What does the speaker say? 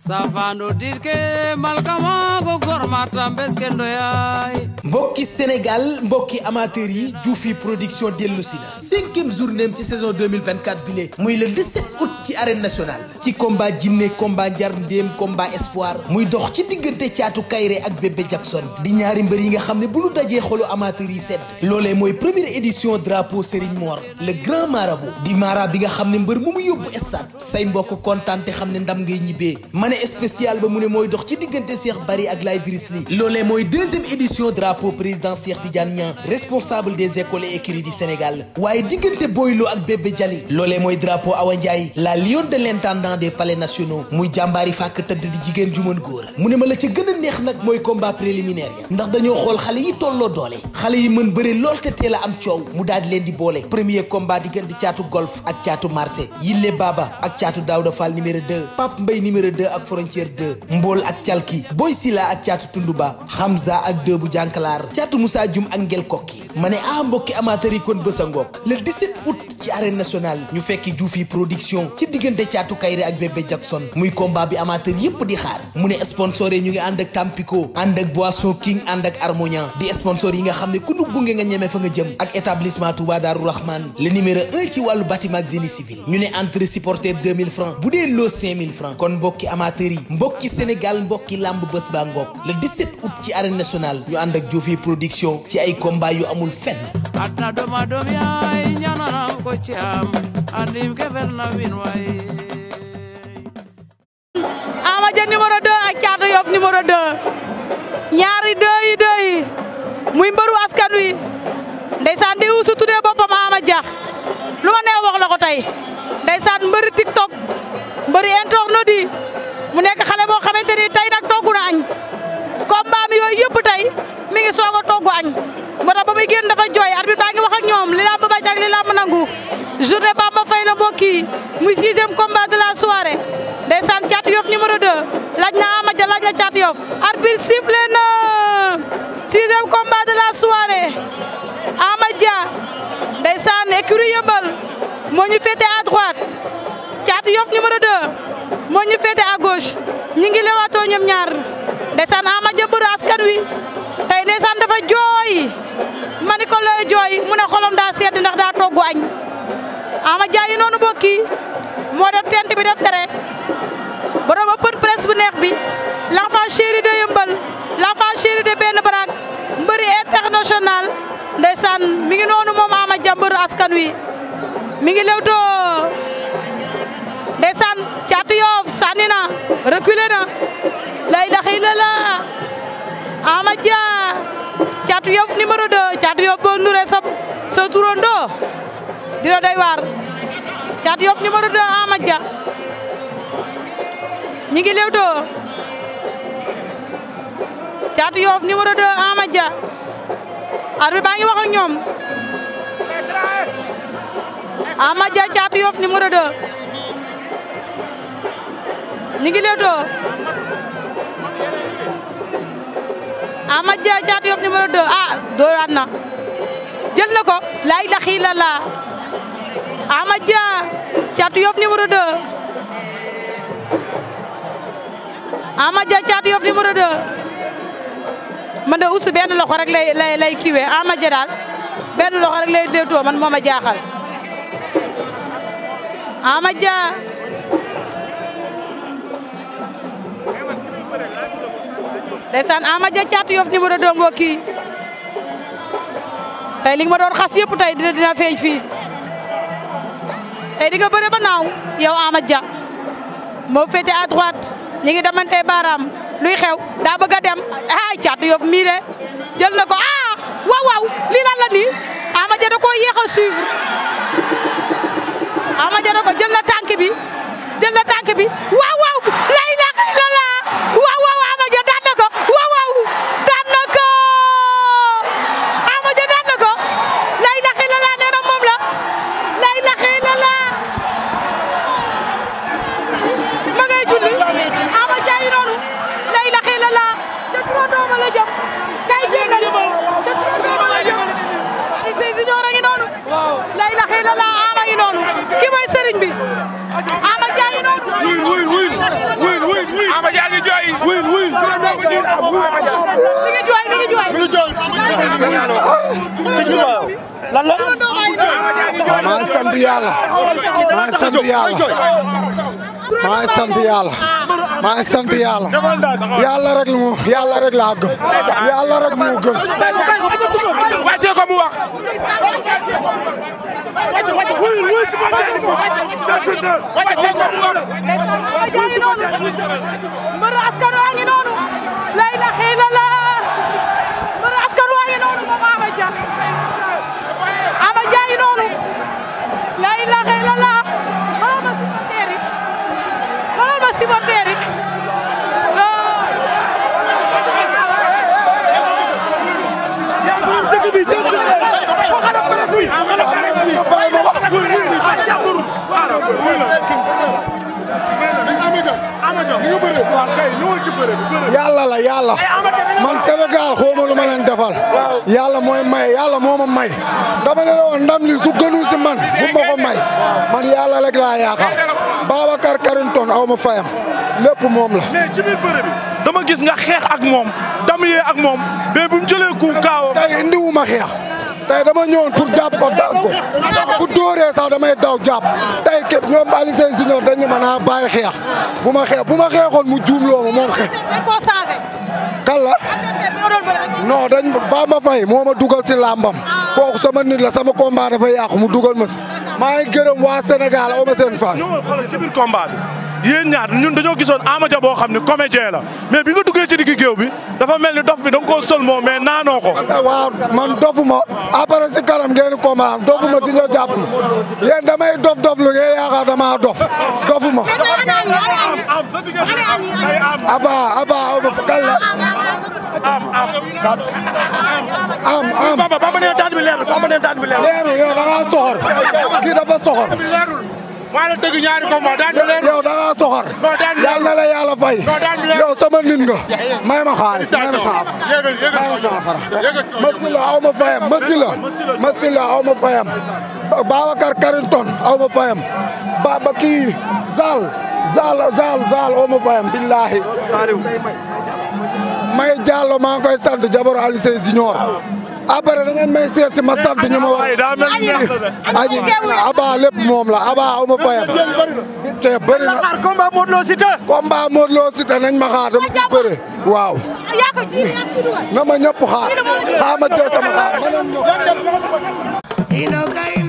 safando dit ke malkamago gormatam beskendo yay mbokki Sénégal mbokki amateur yi Juufi production dellu si na cinquième journée am ci saison 2024 bi lee muy le 17 août ci arène nationale ci combat jinne combat njar combat espoir muy dox ci diggante caatu kayre ak bébé Jackson di ñaari mbër yi nga xam ne bu ñu dajee xolu amateur yi sedd loolee mooy première édition drapeau Serigne moor le grand marabout di mara bi nga xam ne mbër mu mu yóbbu stade say mbokk kontaan te xam ne ndam ngay ñibbee ma ne spécial ba mu ne mooy dox ci diggante Cheikh Bari ak Laye Birisli loolee mooy deuxième drapeau président Cheikh Tidiane Niang responsable des écoles et écuries du Sénégal waaye diggante Boylo ak Bébé Jali loolee mooy drapeau Awa Ndiaye la lionne de l'intendant des palais nationaux muy jàmbaari fàkk tëdd di jigéen ju mën góor mu ne ma la ca gën neex nag mooy combat préliminaire ya ndax dañoo xool xale yi tolloo doole xale yi mën bëre lool te teel a am coow mu daal di leen di boole premier combat diggante caatu golf ak caatu marché Yille Baba ak caatu Daouda Fall numéro 2 Pape Mbaye numéro 2 ak frontière 2 Mbool ak Calki Boy Sila ak caatu Tunduba Hamza ak deux bu jànk xalaar caatu Moussa Dioum ak Ngel Kokki ma ne ah mbokki amateur yi kon bés a ngoog le 17 août ci arène nationale ñu fekki Dioufy production ci diggante caatu Kayre ak bébé Jackson muy combat bi amateur yépp di xaar mu ne sponsor yi ñu ngi ànd ak Tampico ànd ak Boisson King ànd ak Harmonian di sponsor yi nga xam ne ku nu gunge nga ñeme fa nga jëm ak établissement Touba Darou Rahman le ci wàllu bâtiment ak civil ñu ne entrée supporter 2000 francs bu dee loo francs kon yi mbokki Sénégal mbokki làmb bés baa ngoog Dioufy production ci ay combat yu amul fenn adna doma dom yaay ñaananam ko ci am andim ke fer na win waay Ama Dia numéro 2 ak Thiatou Yoff numéro 2 ñaari deux yi deux yi muy mbëru askan wi ndeysaan di usu tuddee boppam Ama Dia lu ma nee wax la ko tey ndeysaan mbëri tiktok mbëri internet yi mu nekk xale boo xamante ni tey nag togg na añ combat mi yooyu yëpp tey mi ngi soog a añ moo tax ba muy génn dafa jooy arbitre baa ngi wax ak ñoom li làmb bañ ak nangu journée Bamba Faye la mbokk yi muy sixième combat de la soirée ndeysaan Thiatou Yoff numéro 2 laaj na Ama Dia laaj na Thiatou Yoff arbitre sifflé na sixième combat de la soirée Ama Dia ndeysaan écurie yëmbal moo ñu féete à droite Thiatou Yoff numéro 2 ñu féete à ñi ngi lewaatoo ñoom ñaar ndeysaan Ama Dia mbër askan wi tey ndeysaan dafa jooy ma jooy mu ne xolam daa sedd ndax daa toggu añ ama jaayi noonu bokki moo def tent bi def tere borom open presse bu neex bi l'enfant chéri de yëmbal l'enfant chéri de benn baraag mbëri international ndeysaan mi ngi noonu moom ama jàmbaru askan wi mi ngi lewtoo ndeysaan caatu yoof sànni na reculé na Ama Dia Caatu Yoff numéro 2 Caatu Yoff boo nuree sa sa turandoo dina doy waar Caatu Yoff numéro 2 Ama Dia ñi ngi lewtoo Caatu Yoff numéro 2 Ama Dia arbitre baa ngi wax ak ñoom Ama Dia Caatu Yoff numéro ngi lewtoo Ama Dia Caatu Yoff numéro 2 ah dooraat na jël na ko lay daxi la la Ama Dia Caatu Yoff numéro 2 Ama Caatu Yoff numéro 2 man de usu benn loxo rek lay lay lay kiiwee Ama Dia daal benn loxo rek lay léetoo man moo jaaxal Ama Dia ndeysaan Ama Dia Thiatou Yoff numéro 2 ngoo kii tey li nga ma xas yëpp tey dina dina feeñ fii tey di nga ba naaw yow Ama Dia moo féete ñi ngi damante luy xew daa bëgg dem ay Caatu Yoff mii de jël na ko ah waaw waaw lii lan la nii Ama Dia da koo yéex a suivre ko jël na tànk bi jël na tànk bi. mi ngi jooy mi ngi jooy. mi ngi jooy lan la. waaw maa ngi sant yàlla. maa ngi sant yàlla. maa ngi sant yàlla. maa ngi sant yàlla. yàlla rek mu yàlla rek laa gëm. yàlla rek mu gëm. wàccee ko mu wax. wàccee ko mu wax. lay la xiila la mën askan waa yi noonu moom Ama Dia Ama Dia yi noonu lay la xiila la xoolal ma supporter yi xoolal ma supporter yi Thank you. jox la yàlla man Sénégal xooma lu leen defal yàlla mooy may yàlla moo ma may dama ne la woon ndam li su man bu ma ko may man yàlla rek laa yaakaar Babacar Karinton aw ma fayam lépp moom la dama gis nga xeex ak moom damyee ak moom mais bu jëlee ku kaawam tey indiwu ma xeex tey dama ñëwoon pour jàpp ko daan ko bu dóoree sax damay daw jàpp tey képp ñoom Alioune Sèye Junior dañ ñu mën a bàyyi xeex bu ma xeex bu ma xeexoon mu juumloo ma moom xeex. kan la non dañ ba ma fay moo ma dugal si làmbam ah. kooku sama nit la sama combat dafa yàqu mu dugal ma si maa ngi gërëm waa Sénégal aw ma seen fay. biir combat bi. yéen ñaar ñun dañoo gisoon Ama Dia boo xam ne comédien la mais bi nga duggee ci digg géew bi dafa mel ni dof bi da nga koo sol moo mais naanoo ko. man dofuma après si kanam ngeen ko ma dofuma di nga jàpp yéen damay dof dof lu ngeen yaakaar damaa dof dofuma. aba aba kan la. am am baba baba taat bi leerul baba nee taat kii dafa soxor. maa la dëgg yal na la yàlla fay yow sama nit nga may ma xaalis may ma saaf may ma saafara masi la aw ma fayam masi la masi la aw ma fayam Babacar Karinton aw ma fayam baba kii Zal Zal Zal Zal aw ma fayam billahi may jàllo maa ngi koy sant jabaru Aliou Seye Junior après da ngeen may seet ma sant ñu ma war a. Aba lépp moom la Aba aw ma fayam. te bëri na combat Modou Lo Siteu. combat Modou nañ ma xaar dama si bëre waaw. na ma ñëpp xaar xaar ma jël sama xaar ma